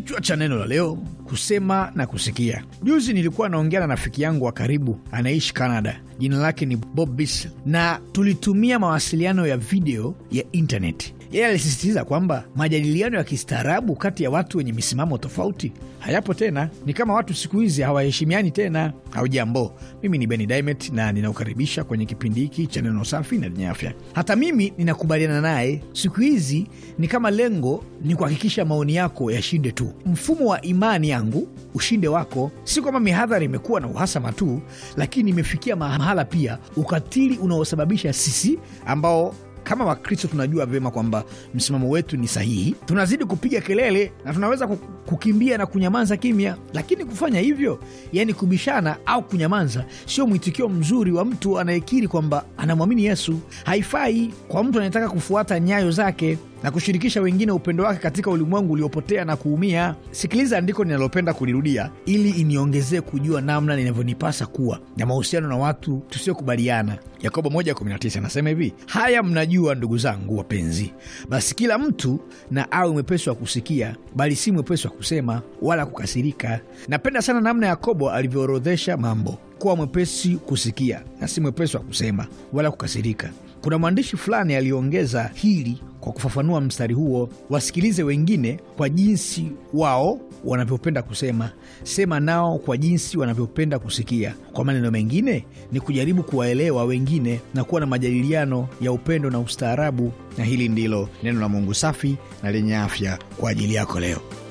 Kichwa cha neno la leo: kusema na kusikia. Juzi nilikuwa naongea na rafiki yangu wa karibu anaishi Canada, jina lake ni Bob Bisl, na tulitumia mawasiliano ya video ya intaneti. Yeye alisisitiza kwamba majadiliano ya kistaarabu kati ya watu wenye misimamo tofauti hayapo tena, ni kama watu siku hizi hawaheshimiani tena. Haujambo, mimi ni Beni Dimet na ninaukaribisha kwenye kipindi hiki cha neno safi na lenye afya. Hata mimi ninakubaliana naye, siku hizi ni kama lengo ni kuhakikisha maoni yako yashinde tu, mfumo wa imani yangu ushinde wako. Si kwamba mihadhara imekuwa na uhasama tu, lakini imefikia mahala pia ukatili unaosababisha sisi ambao kama Wakristo tunajua vyema kwamba msimamo wetu ni sahihi, tunazidi kupiga kelele na tunaweza kukimbia na kunyamaza kimya, lakini kufanya hivyo, yani kubishana au kunyamaza, sio mwitikio mzuri wa mtu anayekiri kwamba anamwamini Yesu. Haifai kwa mtu anayetaka kufuata nyayo zake na kushirikisha wengine upendo wake katika ulimwengu uliopotea na kuumia. Sikiliza andiko ninalopenda kulirudia ili iniongezee kujua namna ninavyonipasa kuwa na mahusiano na watu tusiokubaliana. Yakobo 1:19 anasema hivi, haya mnajua ndugu zangu wapenzi, basi kila mtu na awe mwepesi wa kusikia, bali si mwepesi wa kusema wala kukasirika. Napenda sana namna Yakobo alivyoorodhesha mambo kuwa mwepesi kusikia na si mwepesi wa kusema wala kukasirika. Kuna mwandishi fulani aliongeza hili kwa kufafanua mstari huo: wasikilize wengine kwa jinsi wao wanavyopenda kusema, sema nao kwa jinsi wanavyopenda kusikia. Kwa maneno mengine, ni kujaribu kuwaelewa wengine na kuwa na majadiliano ya upendo na ustaarabu. Na hili ndilo neno la Mungu safi na lenye afya kwa ajili yako leo.